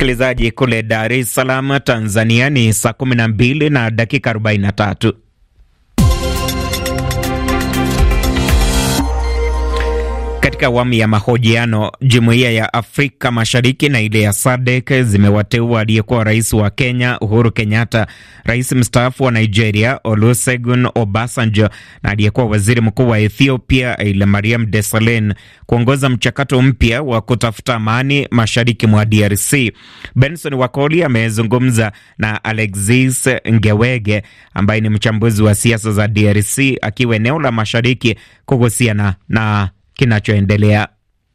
Msikilizaji kule Dar es Salaam, Tanzania, ni saa 12 na dakika 43. Katika awamu ya mahojiano, jumuiya ya Afrika Mashariki na ile ya SADC zimewateua aliyekuwa rais wa Kenya Uhuru Kenyatta, rais mstaafu wa Nigeria Olusegun Obasanjo na aliyekuwa waziri mkuu wa Ethiopia Haile Mariam Desalegn kuongoza mchakato mpya wa kutafuta amani mashariki mwa DRC. Benson Wakoli amezungumza na Alexis Ngewege ambaye ni mchambuzi wa siasa za DRC akiwa eneo la mashariki kuhusiana na kinachoendelea.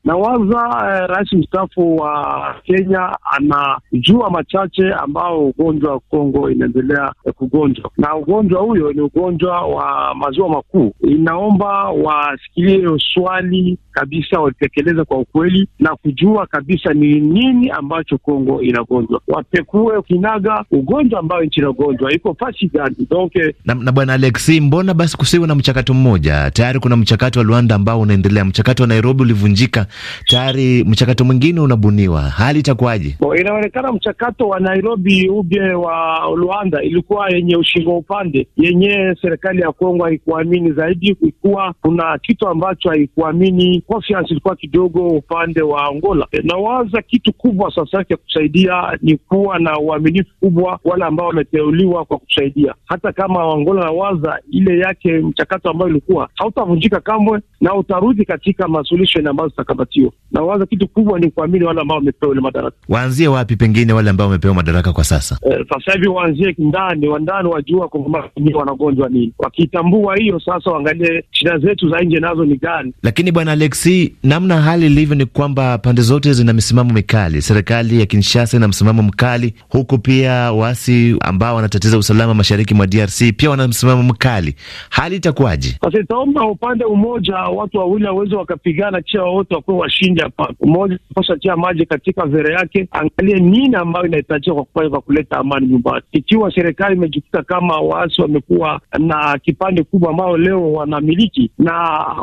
Nawaza eh, rais mstaafu wa Kenya anajua machache ambao ugonjwa wa Kongo inaendelea eh, kugonjwa, na ugonjwa huyo ni ugonjwa wa maziwa makuu. Inaomba wasikilie hiyo swali kabisa, walitekeleza kwa ukweli na kujua kabisa ni nini ambacho Kongo inagonjwa, wapekue kinaga ugonjwa ambayo nchi inagonjwa iko fasi gani. donke. na, na bwana Alexi, mbona basi kusiwe na mchakato mmoja? Tayari kuna mchakato wa Luanda ambao unaendelea, mchakato wa Nairobi ulivunjika tayari mchakato mwingine unabuniwa, hali itakuwaje? Inaonekana mchakato wa Nairobi ube wa Luanda ilikuwa yenye ushingo upande, yenye serikali ya Kongo haikuamini zaidi, ikuwa kuna kitu ambacho haikuamini. Confiance ilikuwa kidogo upande wa Angola. E, nawaza kitu kubwa sasa cha kusaidia ni kuwa na uaminifu kubwa wale ambao wameteuliwa kwa kusaidia, hata kama Angola nawaza ile yake mchakato ambayo ilikuwa hautavunjika kamwe na utarudi katika masuluhisho ambazo matarajio, na waza kitu kubwa ni kuamini wale ambao wamepewa ile madaraka. Waanzie wapi? Pengine wale ambao wamepewa madaraka kwa sasa, eh, sasa hivi waanzie ndani, wa ndani, wajua kwamba wanagonjwa nini. Wakitambua hiyo sasa, waangalie shida zetu za nje nazo ni gani. Lakini bwana Alexi, namna hali ilivyo ni kwamba pande zote zina misimamo mikali. Serikali ya Kinshasa ina msimamo mkali, huku pia waasi ambao wanatatiza usalama mashariki mwa DRC pia wana msimamo mkali. Hali itakuwaje sasa? Itaomba upande mmoja watu wawili waweze wakapigana, chia wote wako washinde pamoja, tia maji katika vere yake, angalie nini ambayo inahitajika kwa kupaa kwa kuleta amani nyumbani. Ikiwa serikali imejikuta kama waasi wamekuwa na kipande kubwa ambao leo wanamiliki na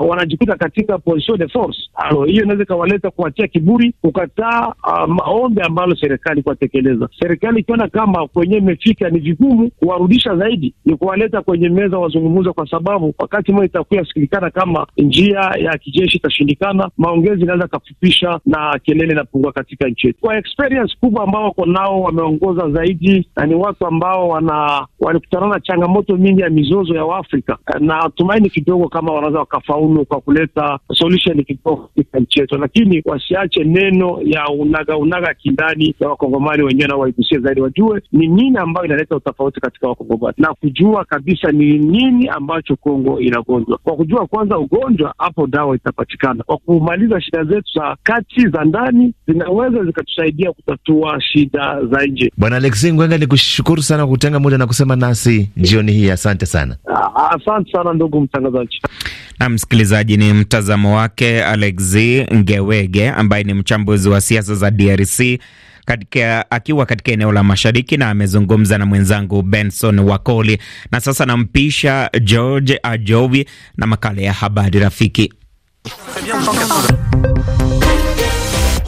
wanajikuta katika position de force, hiyo inaweza ikawaleta kuwatia kiburi, kukataa ah, maombi um, ambalo serikali kuwatekeleza. Serikali ikiona kama kwenyewe imefika ni vigumu kuwarudisha zaidi, ni kuwaleta kwenye meza wazungumuza, kwa sababu wakati mmoja itakuwa yasikilikana kama njia ya kijeshi itashindikana maongezi zinaweza kafupisha na kelele inapungua katika nchi yetu. Kwa experience kubwa ambao wako nao, wameongoza zaidi na ni watu ambao wana walikutana na changamoto mingi ya mizozo ya Waafrika, na tumaini kidogo kama wanaweza wakafaulu kwa kuleta solution kidogo katika nchi yetu, lakini wasiache neno ya unaga unaga kindani ya wakongomani wenyewe, na waigusie zaidi, wajue ni nini ambayo inaleta utofauti katika wakongomani na kujua kabisa ni nini ambacho Kongo inagonjwa. Kwa kujua kwanza ugonjwa, hapo dawa itapatikana. Kwa kumaliza shida zetu za kati za ndani zinaweza zikatusaidia kutatua shida za nje. Bwana Alexi Ngwenga, ni kushukuru sana kwa kutenga muda na kusema nasi jioni hii, asante sana. Ah, asante sana ndugu mtangazaji na msikilizaji. Ni mtazamo wake Alexi Ngewege ambaye ni mchambuzi wa siasa za DRC katika, akiwa katika eneo la mashariki na amezungumza na mwenzangu Benson Wakoli. Na sasa nampisha George Ajovi na makala ya habari rafiki.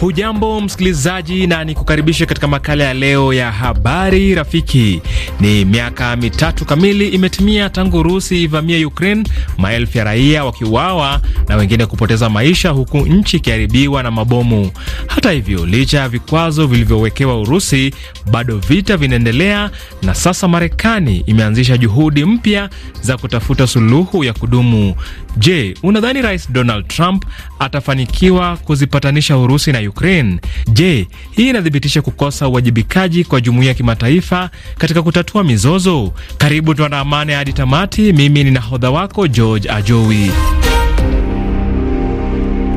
Hujambo msikilizaji, na nikukaribishe katika makala ya leo ya habari rafiki. Ni miaka mitatu kamili imetimia tangu Rusi ivamia Ukraine, maelfu ya raia wakiuawa na wengine kupoteza maisha, huku nchi ikiharibiwa na mabomu. Hata hivyo, licha ya vikwazo vilivyowekewa Urusi, bado vita vinaendelea, na sasa Marekani imeanzisha juhudi mpya za kutafuta suluhu ya kudumu. Je, unadhani Rais Donald Trump atafanikiwa kuzipatanisha Urusi na Ukraine? Je, hii inathibitisha kukosa uwajibikaji kwa jumuiya ya kimataifa katika kutatua mizozo? Karibu tuandamane hadi tamati. Mimi ni nahodha wako George Ajowi.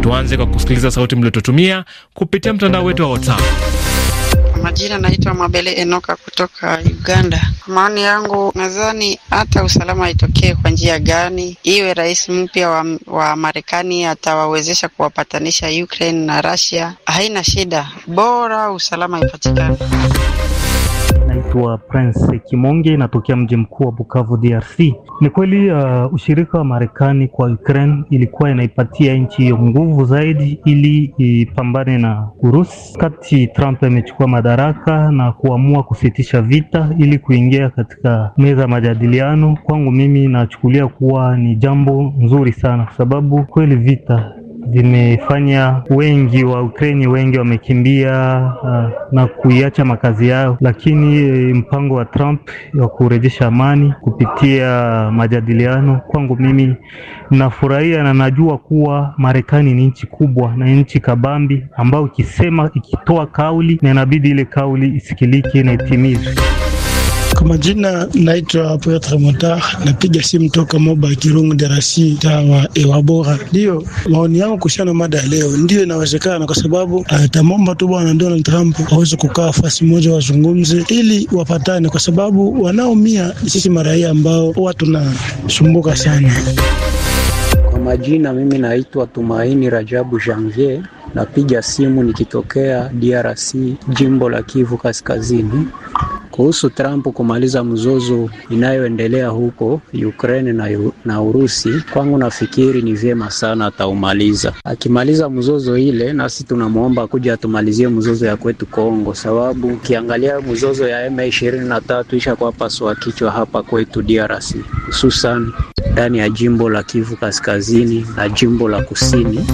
Tuanze kwa kusikiliza sauti mliotutumia kupitia mtandao wetu wa WhatsApp. Majina naitwa Mabele Enoka kutoka Uganda. maoni yangu, nadhani hata usalama itokee kwa njia gani, iwe rais mpya wa, wa Marekani atawawezesha kuwapatanisha Ukraine na Russia, haina shida, bora usalama ipatikane naitwa Prince Kimonge, natokea mji mkuu wa Bukavu, DRC. Ni kweli uh, ushirika wa Marekani kwa Ukraine ilikuwa inaipatia nchi hiyo nguvu zaidi ili ipambane na Urusi. Kati Trump amechukua madaraka na kuamua kusitisha vita ili kuingia katika meza ya majadiliano, kwangu mimi nachukulia kuwa ni jambo nzuri sana, kwa sababu kweli vita zimefanya wengi wa Ukraini wengi wamekimbia uh, na kuiacha makazi yao, lakini eh, mpango wa Trump wa kurejesha amani kupitia majadiliano, kwangu mimi nafurahia na najua kuwa Marekani ni nchi kubwa na nchi kabambi ambayo ikisema, ikitoa kauli na inabidi ile kauli isikiliki na itimizwe. Kwa majina naitwa Petre Motar, napiga simu toka Moba Kirungu Derasi tawa Ewabora. Ndiyo maoni yangu kuhusiana mada ya leo, ndiyo inawezekana, kwa sababu atamomba eh, tu bwana Donald Trump aweze kukaa fasi moja wazungumze, ili wapatane, kwa sababu wanaomia sisi maraia ambao watu tunasumbuka sana. Kwa majina mimi naitwa Tumaini Rajabu Janvier, napiga simu nikitokea DRC, jimbo la Kivu Kaskazini. Kuhusu Trump kumaliza mzozo inayoendelea huko Ukraine na, na Urusi, kwangu nafikiri ni vyema sana ataumaliza. Akimaliza mzozo ile, nasi tunamwomba kuja atumalizie mzozo ya kwetu Kongo, sababu ukiangalia mzozo ya M23 isha kwa paswa kichwa hapa kwetu DRC, hususan ndani ya jimbo la Kivu Kaskazini na jimbo la Kusini.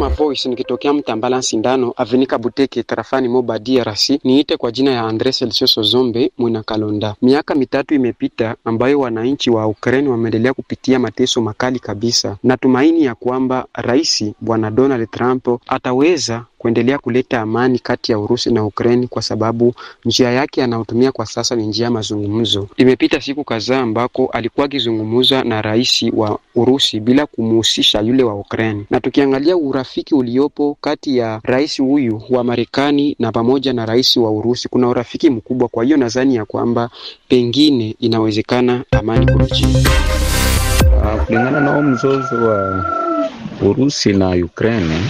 Mama Voice nikitokea Mtambala Sindano Avenika Buteke tarafani Moba DRC. Niite kwa jina ya Andre Celsius Zombe Mwina Kalonda. Miaka mitatu imepita ambayo wananchi wa Ukraine wameendelea kupitia mateso makali kabisa. Natumaini ya kwamba rais Bwana Donald Trump ataweza kuendelea kuleta amani kati ya Urusi na Ukraine, kwa sababu njia yake anayotumia kwa sasa ni njia ya mazungumzo. Imepita siku kadhaa ambako alikuwa akizungumza na rais wa Urusi bila kumuhusisha yule wa Ukraine, na tukiangalia urafiki uliopo kati ya rais huyu wa Marekani na pamoja na rais wa Urusi, kuna urafiki mkubwa. Kwa hiyo nadhani ya kwamba pengine inawezekana amani kurejea. Ah, kulingana na mzozo wa Urusi na Ukraine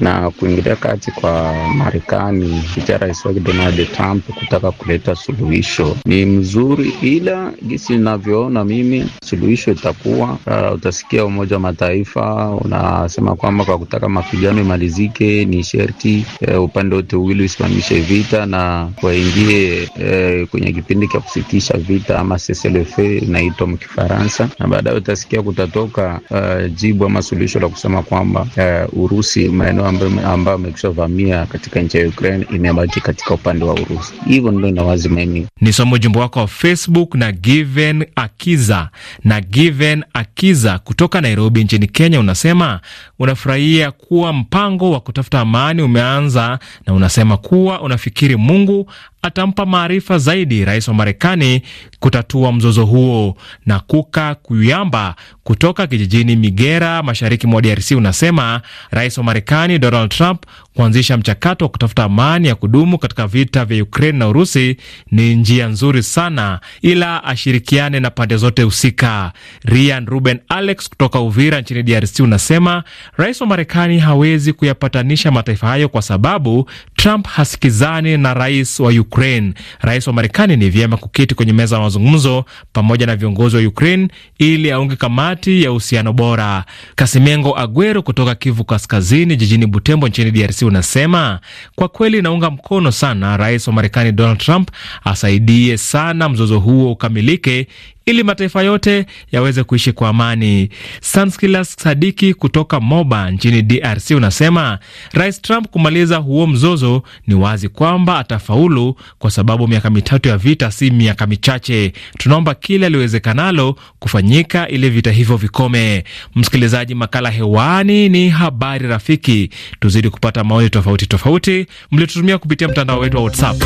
na kuingilia kati kwa Marekani kupitia rais wake Donald Trump kutaka kuleta suluhisho ni mzuri, ila gisi ninavyoona mimi suluhisho itakuwa uh, utasikia Umoja wa Mataifa unasema kwamba kwa kutaka mapigano imalizike ni sherti uh, upande wote uwili usimamishe vita na waingie uh, kwenye kipindi cha kusitisha vita ama cessez inaitwa mkifaransa, na baadaye utasikia kutatoka uh, jibu ama suluhisho la kusema kwamba uh, Urusi maeneo mapigano ambayo vamia katika nchi ya Ukraine imebaki katika upande wa Urusi. Hivyo ndo inawazimaini. Ni somo jumbo wako wa Facebook na Given Akiza na Given Akiza kutoka Nairobi nchini Kenya unasema unafurahia kuwa mpango wa kutafuta amani umeanza na unasema kuwa unafikiri Mungu atampa maarifa zaidi rais wa Marekani kutatua mzozo huo. Na Kuka Kuyamba kutoka kijijini Migera, mashariki mwa DRC, unasema rais wa Marekani Donald Trump kuanzisha mchakato wa kutafuta amani ya kudumu katika vita vya Ukraine na Urusi ni njia nzuri sana, ila ashirikiane na pande zote husika. Rian Ruben Alex kutoka Uvira nchini DRC unasema Rais wa Marekani hawezi kuyapatanisha mataifa hayo kwa sababu Trump hasikizani na rais wa Ukraine. Rais wa Marekani ni vyema kuketi kwenye meza ya mazungumzo pamoja na viongozi wa Ukraine ili aunge kamati ya uhusiano bora. Kasimengo Agwero kutoka Kivu Kaskazini, jijini Butembo nchini DRC, unasema kwa kweli naunga mkono sana rais wa Marekani Donald Trump asaidie sana mzozo huo ukamilike ili mataifa yote yaweze kuishi kwa amani. Sanskilas Sadiki kutoka Moba nchini DRC unasema Rais Trump kumaliza huo mzozo ni wazi kwamba atafaulu, kwa sababu miaka mitatu ya vita si miaka michache. Tunaomba kila aliwezekanalo kufanyika ili vita hivyo vikome. Msikilizaji, makala hewani ni habari rafiki. Tuzidi kupata maoni tofauti tofauti mlitutumia kupitia mtandao wetu wa WhatsApp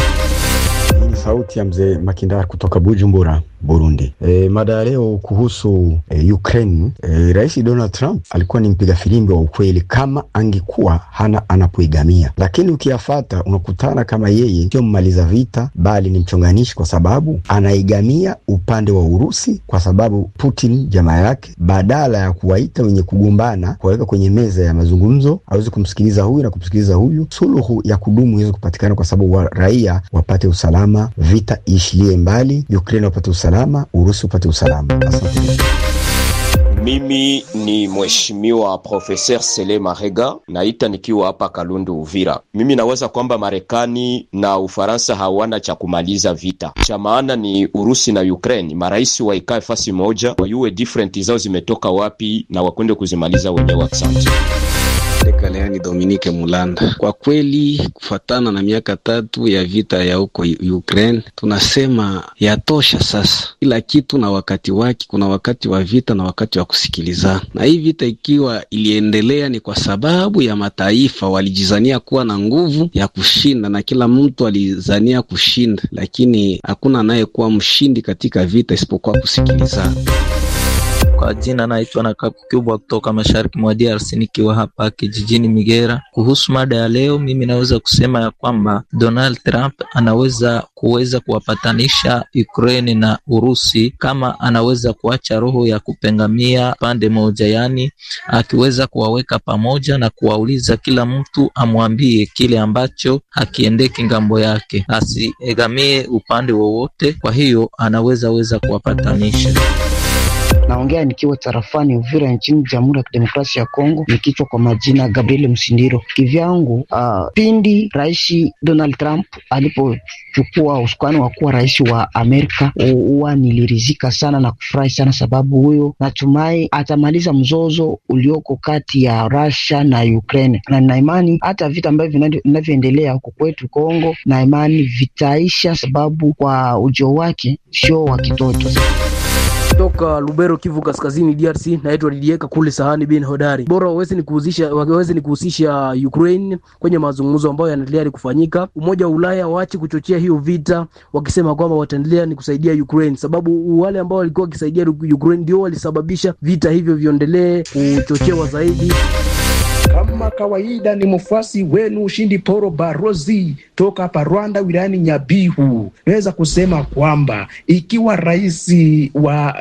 sauti ya mzee makindar kutoka Bujumbura, Burundi. E, mada ya leo kuhusu e, Ukraine. E, Rais Donald Trump alikuwa ni mpiga filimbi wa ukweli kama angekuwa hana anapoigamia, lakini ukiyafata unakutana kama yeye sio mmaliza vita, bali ni mchonganishi, kwa sababu anaigamia upande wa Urusi, kwa sababu Putin jamaa yake, badala ya kuwaita wenye kugombana kuwaweka kwenye meza ya mazungumzo, aweze kumsikiliza huyu na kumsikiliza huyu, suluhu ya kudumu iweze kupatikana, kwa sababu wa raia wapate usalama vita iishilie mbali, Ukraine wapate usalama, Urusi upate usalama. Asante. Mimi ni mheshimiwa Profeser Sele Marega, naita nikiwa hapa Kalundu, Uvira. Mimi naweza kwamba Marekani na Ufaransa hawana cha kumaliza vita, cha maana ni Urusi na Ukraine. Marais waikae fasi moja, wayuwe differenti zao zimetoka wapi na wakwende kuzimaliza wenyewe. Asante. Sekale leani Dominique Mulanda. Kwa kweli kufatana na miaka tatu ya vita ya huko Ukraine, tunasema yatosha sasa, kila kitu na wakati wake. Kuna wakati wa vita na wakati wa kusikilizana, na hii vita ikiwa iliendelea ni kwa sababu ya mataifa walijizania kuwa na nguvu ya kushinda, na kila mtu alizania kushinda, lakini hakuna anayekuwa mshindi katika vita isipokuwa kusikilizana. Kwa jina naitwa na Kaku Kubwa kutoka mashariki mwa DRC nikiwa hapa kijijini Migera. Kuhusu mada ya leo, mimi naweza kusema ya kwamba Donald Trump anaweza kuweza kuwapatanisha Ukraine na Urusi kama anaweza kuacha roho ya kupengamia pande moja, yaani akiweza kuwaweka pamoja na kuwauliza kila mtu amwambie kile ambacho hakiendeki ngambo yake, asiegamie upande wowote. Kwa hiyo anaweza weza kuwapatanisha Naongea nikiwa tarafani Uvira nchini Jamhuri ya Kidemokrasia ya Kongo, nikichwa kwa majina Gabriel Msindiro. Kivyangu, uh, pindi Rais Donald Trump alipochukua usukani wa kuwa rais wa Amerika, huwa nilirizika sana na kufurahi sana, sababu huyo natumai atamaliza mzozo ulioko kati ya Russia na Ukraine, na nina hata vita ambavyo vinavyoendelea huko kwetu Kongo, naimani vitaisha, sababu kwa ujio wake sio wa kitoto kutoka Lubero, Kivu Kaskazini, DRC. Naitwa Didieka kule sahani bin hodari. Bora waweze ni kuhusisha waweze ni kuhusisha uh, Ukraine kwenye mazungumzo ambayo yanaendelea kufanyika. Umoja wa Ulaya waache kuchochea hiyo vita, wakisema kwamba wataendelea ni kusaidia Ukraine, sababu wale ambao walikuwa wakisaidia Ukraine ndio walisababisha vita hivyo viendelee kuchochewa zaidi. Kama kawaida ni mfuasi wenu Ushindi Poro Barozi toka hapa Rwanda, wilayani Nyabihu. Naweza kusema kwamba ikiwa rais wa,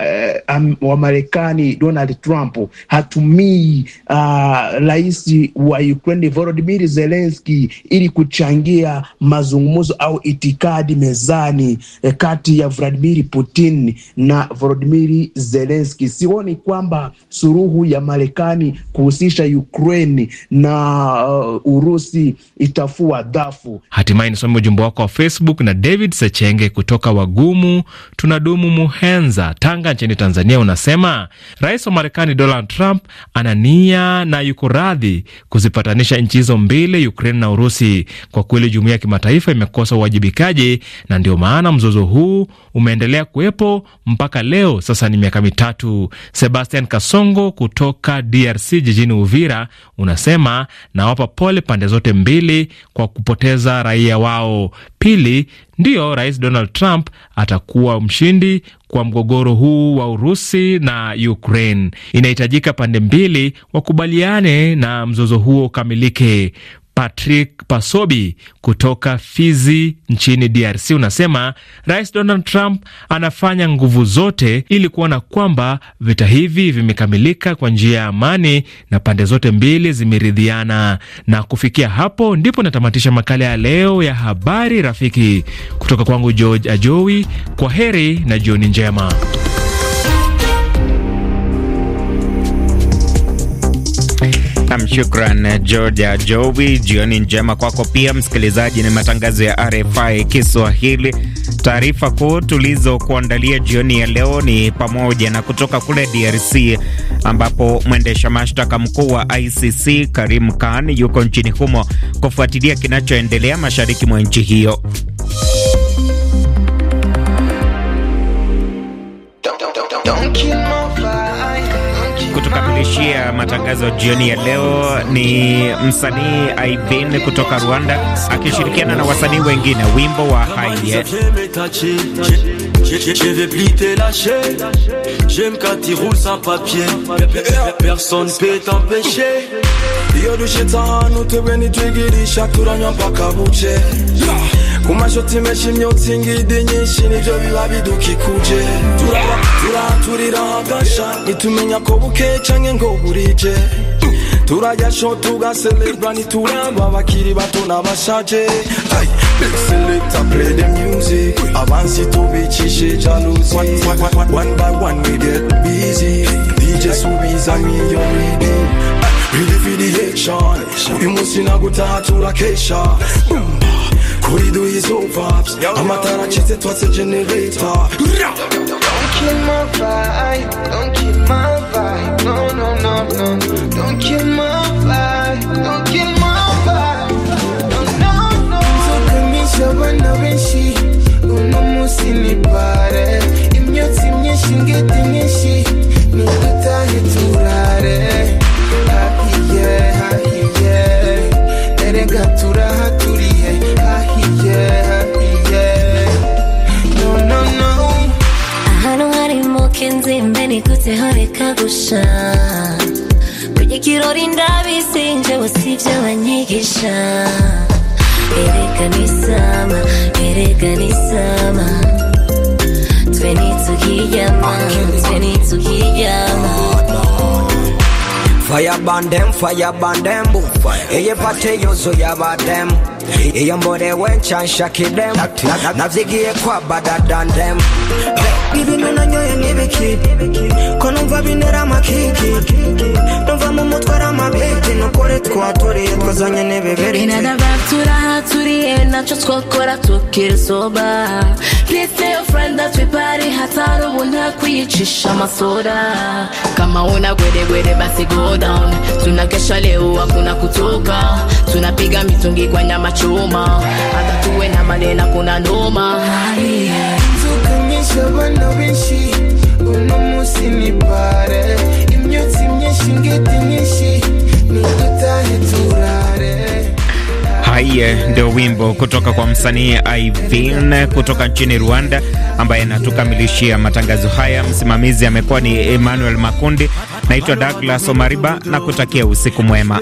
uh, um, wa Marekani Donald Trump hatumii ah, rais wa Ukraine Volodymyr Zelensky ili kuchangia mazungumzo au itikadi mezani eh, kati ya Vladimir Putin na Volodymyr Zelensky, sioni kwamba suluhu ya Marekani kuhusisha Ukraine na uh, Urusi itafua dhafu. Hatimaye nisome ujumbe wako wa Facebook na David Sechenge kutoka Wagumu tunadumu Muhenza, Tanga nchini Tanzania, unasema rais wa Marekani Donald Trump ana nia na yuko radhi kuzipatanisha nchi hizo mbili, Ukraine na Urusi. Kwa kweli jumuia ya kimataifa imekosa uwajibikaji na ndio maana mzozo huu umeendelea kuwepo mpaka leo, sasa ni miaka mitatu. Sebastian Kasongo kutoka DRC jijini Uvira unasema amesema nawapa pole pande zote mbili kwa kupoteza raia wao. Pili, ndiyo Rais Donald Trump atakuwa mshindi kwa mgogoro huu wa Urusi na Ukraine. Inahitajika pande mbili wakubaliane na mzozo huo ukamilike. Patrick Pasobi kutoka Fizi nchini DRC unasema Rais Donald Trump anafanya nguvu zote ili kuona kwamba vita hivi vimekamilika kwa njia ya amani na pande zote mbili zimeridhiana. Na kufikia hapo ndipo natamatisha makala ya leo ya habari rafiki kutoka kwangu George Ajowi. Kwa heri na jioni njema. Nam, shukran eh, Georgia Jovi. Jioni njema kwako pia msikilizaji. Ni matangazo ya RFI Kiswahili. Taarifa kuu tulizokuandalia jioni ya leo ni pamoja na kutoka kule DRC ambapo mwendesha mashtaka mkuu wa ICC Karim Khan yuko nchini humo kufuatilia kinachoendelea mashariki mwa nchi hiyo anayetukamilishia matangazo jioni ya leo ni msanii Aibin kutoka Rwanda akishirikiana na wasanii wengine, wimbo wa haie ku mashoti menshi imyotsi ngidi nyinshi nibyo biba bidukikuje turaturira hagasha ntitumenya ko buke ngo burije turajya sho tugaselebra ntituramba abakiri bato n'abashaje Selector play the music Avance to bicishe jalousie One by one we get busy DJ Subiza me your don't kill my vibe Don't kill my vibe No no no no Don't kill my vibe Don't kill my vibe No no no So me, when Tukumisha wanawenshi Uno musi ni pare them fire bandem boom eye pate yozo ya badem eye mbore wencha shakidem nazigiye kwa badadandem ibintu nanyoye n'ibiki ko numva binera amakiki numva mu mutwe ari amabiti nukuri twaturiye twazanye n'ibibiriti inadabab turahaturiye eh, nacyo twakora tukiri soba please tell your friend that we party hatari ubu nta kwiyicisha amasoda kama una gwedegwede basi go down tunakesha leo, hakuna kutoka, tunapiga mitungi kwa nyama choma, hata tuwe na manena kuna noma Haiye eh, ndio wimbo kutoka kwa msanii Ivin kutoka nchini Rwanda, ambaye anatukamilishia matangazo haya. Msimamizi amekuwa ni Emmanuel Makundi. Naitwa Douglas Omariba na kutakia usiku mwema.